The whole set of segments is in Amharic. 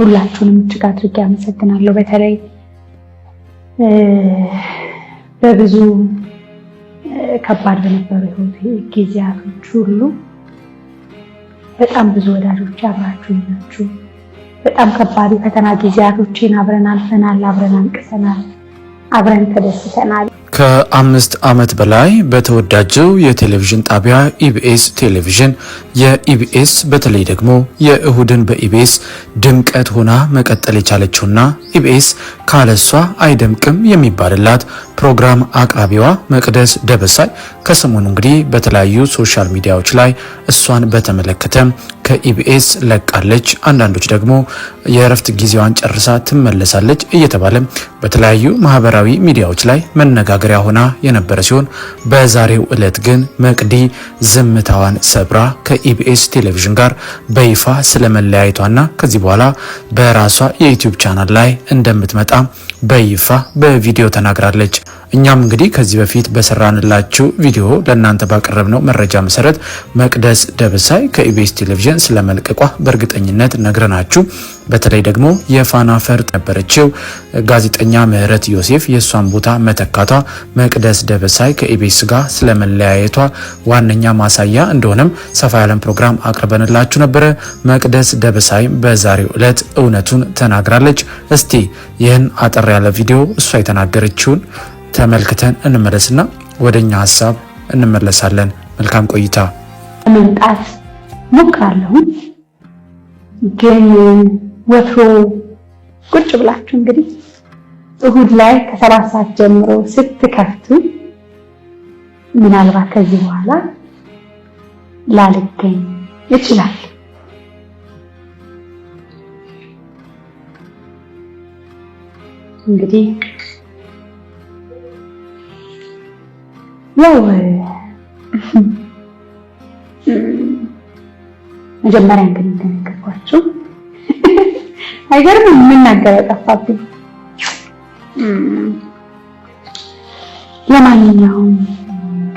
ሁላችሁንም እጅግ አድርጌ አመሰግናለሁ። በተለይ በብዙ ከባድ በነበሩ ህይወት ጊዜያቶች ሁሉ በጣም ብዙ ወዳጆች አብራችሁ ይናችሁ በጣም ከባድ ፈተና ጊዜያቶችን አብረን አልፈናል፣ አብረን አንቅሰናል፣ አብረን ተደስተናል። ከአምስት ዓመት በላይ በተወዳጀው የቴሌቪዥን ጣቢያ ኢቢኤስ ቴሌቪዥን የኢቢኤስ በተለይ ደግሞ የእሁድን በኢቢኤስ ድምቀት ሆና መቀጠል የቻለችውና ኢቢኤስ ካለሷ አይደምቅም የሚባልላት ፕሮግራም አቅራቢዋ መቅደስ ደበሳይ ከሰሞኑ እንግዲህ በተለያዩ ሶሻል ሚዲያዎች ላይ እሷን በተመለከተ ከኢቢኤስ ለቃለች፣ አንዳንዶች ደግሞ የእረፍት ጊዜዋን ጨርሳ ትመለሳለች እየተባለ በተለያዩ ማህበራዊ ሚዲያዎች ላይ መነጋገሪያ ሆና የነበረ ሲሆን በዛሬው ዕለት ግን መቅዲ ዝምታዋን ሰብራ ከኢቢኤስ ቴሌቪዥን ጋር በይፋ ስለመለያየቷና ከዚህ በኋላ በራሷ የዩቲዩብ ቻናል ላይ እንደምትመጣ በይፋ በቪዲዮ ተናግራለች። እኛም እንግዲህ ከዚህ በፊት በሰራንላችሁ ቪዲዮ ለእናንተ ባቀረብነው መረጃ መሰረት መቅደስ ደበሳይ ከኢቢኤስ ቴሌቪዥን ስለ መልቀቋ በእርግጠኝነት ነግረናችሁ፣ በተለይ ደግሞ የፋና ፈርጥ ነበረችው ጋዜጠኛ ምህረት ዮሴፍ የእሷን ቦታ መተካቷ መቅደስ ደበሳይ ከኢቢኤስ ጋር ስለመለያየቷ ዋነኛ ማሳያ እንደሆነም ሰፋ ያለን ፕሮግራም አቅርበንላችሁ ነበረ። መቅደስ ደበሳይ በዛሬው ዕለት እውነቱን ተናግራለች። እስቲ ይህን አጠር ያለ ቪዲዮ እሷ የተናገረችውን ተመልክተን እንመለስና ወደ እኛ ሀሳብ እንመለሳለን። መልካም ቆይታ። መምጣት ሞክራለሁ፣ ግን ወትሮ ቁጭ ብላችሁ እንግዲህ እሁድ ላይ ከሰባት ሰዓት ጀምሮ ስትከፍቱ ምናልባት ከዚህ በኋላ ላልገኝ ይችላል። እንግዲህ ያው መጀመሪያ ግን እንደነገርኳችሁ አይገርምም? የምናገረው ጠፋብኝ። ለማንኛውም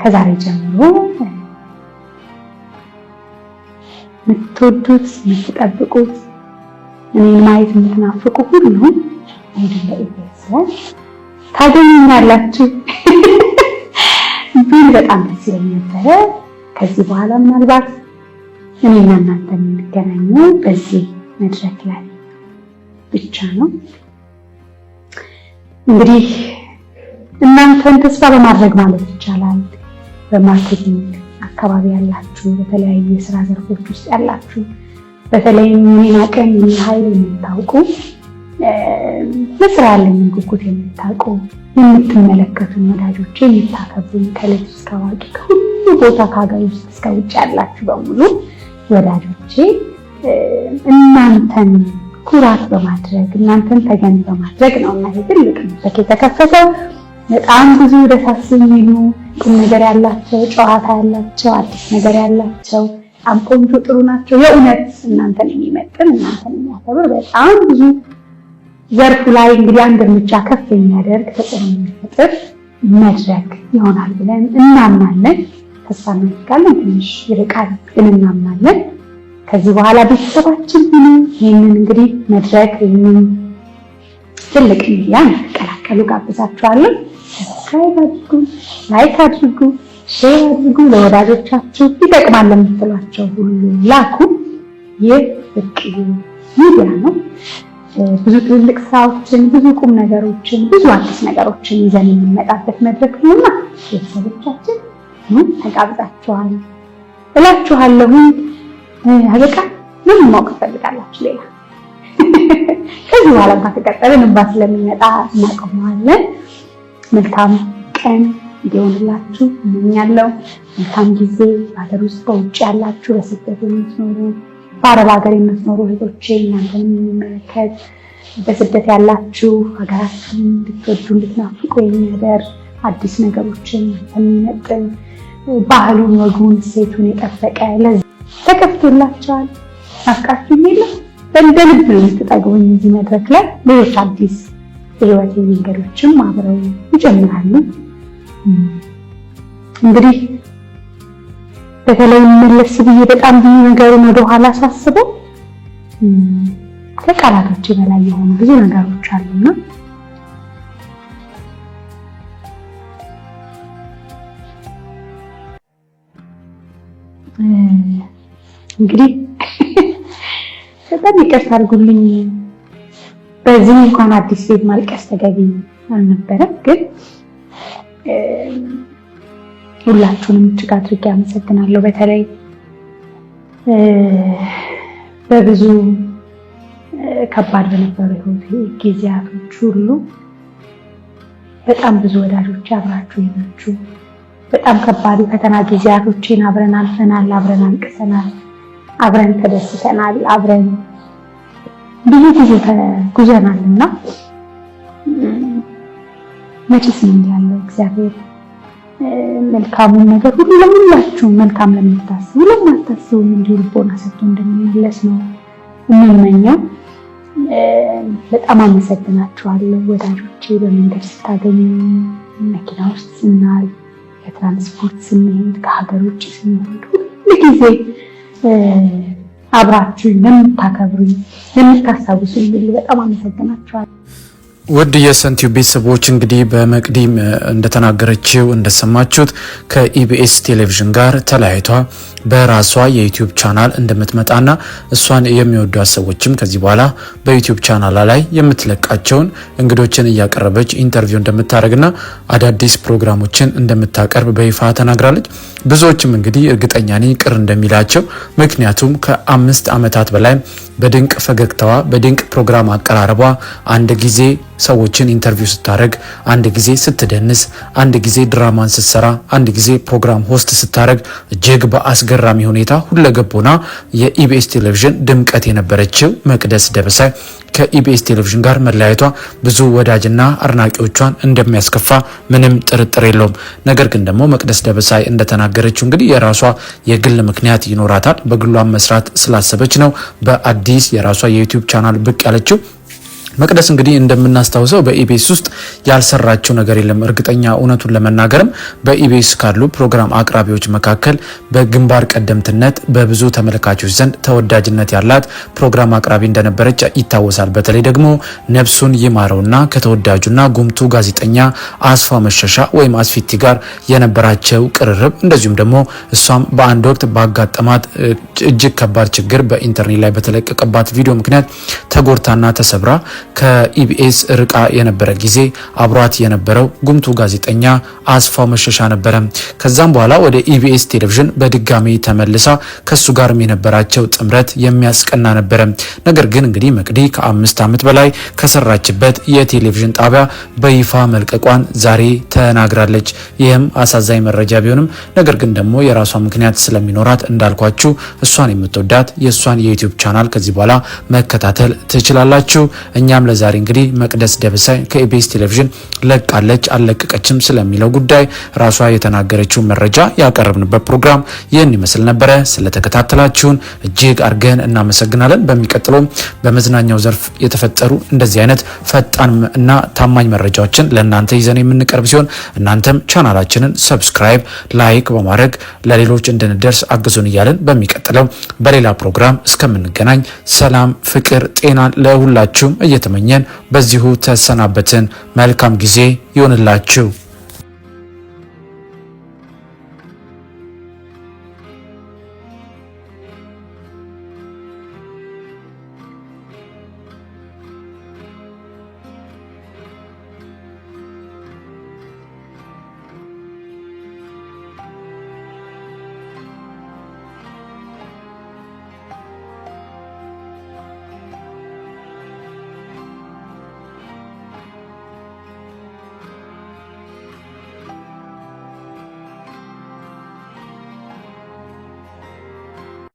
ከዛሬ ጀምሮ የምትወዱት የምትጠብቁት እኔን ማየት የምትናፍቁ ሁሉ ሄዱ ለኢቤስ ታገኙኛላችሁ። ምን በጣም ደስ ይለኝ ነበረ። ከዚህ በኋላ ምናልባት እኔና እናንተ የምንገናኘው በዚህ መድረክ ላይ ብቻ ነው። እንግዲህ እናንተን ተስፋ በማድረግ ማለት ይቻላል በማርኬቲንግ አካባቢ ያላችሁ፣ በተለያዩ የስራ ዘርፎች ውስጥ ያላችሁ፣ በተለይም የናቀን ኃይል የምታውቁ ለስራ ያለኝን ጉጉት የምታውቁ የምትመለከቱን ወዳጆች የምታከብሩኝ ከልጅ እስከ አዋቂ ከሁሉ ቦታ ከሀገር ውስጥ እስከ ውጭ ያላችሁ በሙሉ ወዳጆቼ እናንተን ኩራት በማድረግ እናንተን ተገን በማድረግ ነው እና ትልቅ መድረክ የተከፈተው። በጣም ብዙ ደሳስ የሚሉ ቁም ነገር ያላቸው ጨዋታ ያላቸው አዲስ ነገር ያላቸው በጣም ቆንጆ ጥሩ ናቸው። የእውነት እናንተን የሚመጥን እናንተን የሚያከብር በጣም ብዙ ዘርፉ ላይ እንግዲህ አንድ እርምጃ ከፍ የሚያደርግ ተጽዕኖ የሚፈጥር መድረክ ይሆናል ብለን እናምናለን። ተስፋ እናደርጋለን። ትንሽ ይርቃል ግን እናምናለን። ከዚህ በኋላ ቤተሰባችን ሆኑ ይህንን እንግዲህ መድረክ ወይም ትልቅ ሚዲያ እንዲቀላቀሉ ጋብዛችኋለን። ሰብስክራይብ አድርጉ፣ ላይክ አድርጉ፣ ሼር አድርጉ። ለወዳጆቻችሁ ይጠቅማል ለምትሏቸው ሁሉ ላኩ። ይህ ብቅ ሚዲያ ነው። ብዙ ትልልቅ ስራዎችን፣ ብዙ ቁም ነገሮችን፣ ብዙ አዲስ ነገሮችን ይዘን የምንመጣበት መድረክ ነውና ቤተሰቦቻችን ተጋብዛችኋል እላችኋለሁኝ። አበቃ። ምን ማወቅ ትፈልጋላችሁ ሌላ? ከዚህ በኋላ እንኳ እንባ ስለሚመጣ እናቀመዋለን። መልካም ቀን እንዲሆንላችሁ እመኛለሁ። መልካም ጊዜ በሀገር ውስጥ በውጭ ያላችሁ በስደት የምትኖሩ በአረብ ሀገር የምትኖሩ እህቶቼ እናንተን የሚመለከት በስደት ያላችሁ ሀገራችን እንድትወዱ እንድትናፍቁ የሚያደር አዲስ ነገሮችን የሚመጥን ባህሉን፣ ወጉን፣ ሴቱን የጠበቀ ለዚ ተከፍቶላቸዋል። ናፍቃችሁ የሚለ በእንደ ልብ ነው የምትጠግቡኝ። እዚህ መድረክ ላይ ሌሎች አዲስ የህይወት መንገዶችም አብረው ይጀምራሉ። እንግዲህ በተለይ መለስ ብዬ በጣም ብዙ ነገሩን ወደኋላ ሳስበው ከቃላቶች በላይ የሆኑ ብዙ ነገሮች አሉና እንግዲህ በጣም ይቅርታ አድርጉልኝ። በዚህ እንኳን አዲስ ቤት ማልቀስ ተገቢ አልነበረም ግን ሁላችሁንም እጅግ አድርጌ አመሰግናለሁ። በተለይ በብዙ ከባድ በነበሩ ጊዜያቶች ሁሉ በጣም ብዙ ወዳጆች አብራችሁ ይናችሁ በጣም ከባድ ፈተና ጊዜያቶችን አብረን አልፈናል፣ አብረን አንቅሰናል፣ አብረን ተደስተናል፣ አብረን ብዙ ጊዜ ተጉዘናል እና መችስ ምን ያለው እግዚአብሔር መልካሙን ነገር ሁሉ ለሁላችሁም መልካም ለምታስቡ ለማታስቡ እንዲሁ ልቦና ሰጥቶ እንደሚመለስ ነው የምመኘው። በጣም አመሰግናችኋለሁ ወዳጆቼ። በመንገድ ስታገኙ፣ መኪና ውስጥ ስናል፣ ከትራንስፖርት ስንሄድ፣ ከሀገር ውጭ ስንሄድ ሁሉ ጊዜ አብራችሁኝ ለምታከብሩኝ፣ ለምታስታውሱኝ በጣም አመሰግናችኋለሁ። ውድ የሰንቲዩ ቤተሰቦች እንግዲህ በመቅዲም እንደተናገረችው እንደሰማችሁት ከኢቢኤስ ቴሌቪዥን ጋር ተለያይቷ በራሷ የዩቲዩብ ቻናል እንደምትመጣና እሷን የሚወዷት ሰዎችም ከዚህ በኋላ በዩቲዩብ ቻናል ላይ የምትለቃቸውን እንግዶችን እያቀረበች ኢንተርቪው እንደምታደርግና አዳዲስ ፕሮግራሞችን እንደምታቀርብ በይፋ ተናግራለች። ብዙዎችም እንግዲህ እርግጠኛ ነኝ ቅር እንደሚላቸው ምክንያቱም ከአምስት ዓመታት በላይ በድንቅ ፈገግታዋ በድንቅ ፕሮግራም አቀራረቧ አንድ ጊዜ ሰዎችን ኢንተርቪው ስታደረግ፣ አንድ ጊዜ ስትደንስ፣ አንድ ጊዜ ድራማን ስትሰራ፣ አንድ ጊዜ ፕሮግራም ሆስት ስታደረግ እጅግ በአስገራሚ ሁኔታ ሁለገብ ሆና የኢቢኤስ ቴሌቪዥን ድምቀት የነበረችው መቅደስ ደበሰ ከኢቢኤስ ቴሌቪዥን ጋር መለያየቷ ብዙ ወዳጅና አድናቂዎቿን እንደሚያስከፋ ምንም ጥርጥር የለውም። ነገር ግን ደግሞ መቅደስ ደበሳይ እንደተናገረችው እንግዲህ የራሷ የግል ምክንያት ይኖራታል። በግሏን መስራት ስላሰበች ነው በአዲስ የራሷ የዩቲዩብ ቻናል ብቅ ያለችው። መቅደስ እንግዲህ እንደምናስታውሰው በኢቢኤስ ውስጥ ያልሰራችው ነገር የለም። እርግጠኛ እውነቱን ለመናገርም በኢቢኤስ ካሉ ፕሮግራም አቅራቢዎች መካከል በግንባር ቀደምትነት በብዙ ተመልካቾች ዘንድ ተወዳጅነት ያላት ፕሮግራም አቅራቢ እንደነበረች ይታወሳል። በተለይ ደግሞ ነፍሱን ይማረውና ከተወዳጁና ጉምቱ ጋዜጠኛ አስፋ መሸሻ ወይም አስፊቲ ጋር የነበራቸው ቅርርብ እንደዚሁም ደግሞ እሷም በአንድ ወቅት ባጋጠማት እጅግ ከባድ ችግር በኢንተርኔት ላይ በተለቀቀባት ቪዲዮ ምክንያት ተጎድታና ተሰብራ ከኢቢኤስ ርቃ የነበረ ጊዜ አብሯት የነበረው ጉምቱ ጋዜጠኛ አስፋው መሸሻ ነበረ። ከዛም በኋላ ወደ ኢቢኤስ ቴሌቪዥን በድጋሚ ተመልሳ ከሱ ጋርም የነበራቸው ጥምረት የሚያስቀና ነበረ። ነገር ግን እንግዲህ መቅዲ ከአምስት ዓመት በላይ ከሰራችበት የቴሌቪዥን ጣቢያ በይፋ መልቀቋን ዛሬ ተናግራለች። ይህም አሳዛኝ መረጃ ቢሆንም ነገር ግን ደግሞ የራሷ ምክንያት ስለሚኖራት እንዳልኳችሁ እሷን የምትወዳት የእሷን የዩቲዩብ ቻናል ከዚህ በኋላ መከታተል ትችላላችሁ እኛ እኛም ለዛሬ እንግዲህ መቅደስ ደብሳይ ከኢቢኤስ ቴሌቪዥን ለቃለች አልለቀቀችም ስለሚለው ጉዳይ ራሷ የተናገረችው መረጃ ያቀረብንበት ፕሮግራም ይህን ይመስል ነበረ። ስለተከታተላችሁን እጅግ አድርገን እናመሰግናለን። በሚቀጥለውም በመዝናኛው ዘርፍ የተፈጠሩ እንደዚህ አይነት ፈጣን እና ታማኝ መረጃዎችን ለእናንተ ይዘን የምንቀርብ ሲሆን እናንተም ቻናላችንን ሰብስክራይብ፣ ላይክ በማድረግ ለሌሎች እንድንደርስ አግዙን እያለን በሚቀጥለው በሌላ ፕሮግራም እስከምንገናኝ ሰላም፣ ፍቅር፣ ጤና ለሁላችሁም እየ እየተመኘን በዚሁ ተሰናበትን። መልካም ጊዜ ይሆንላችሁ።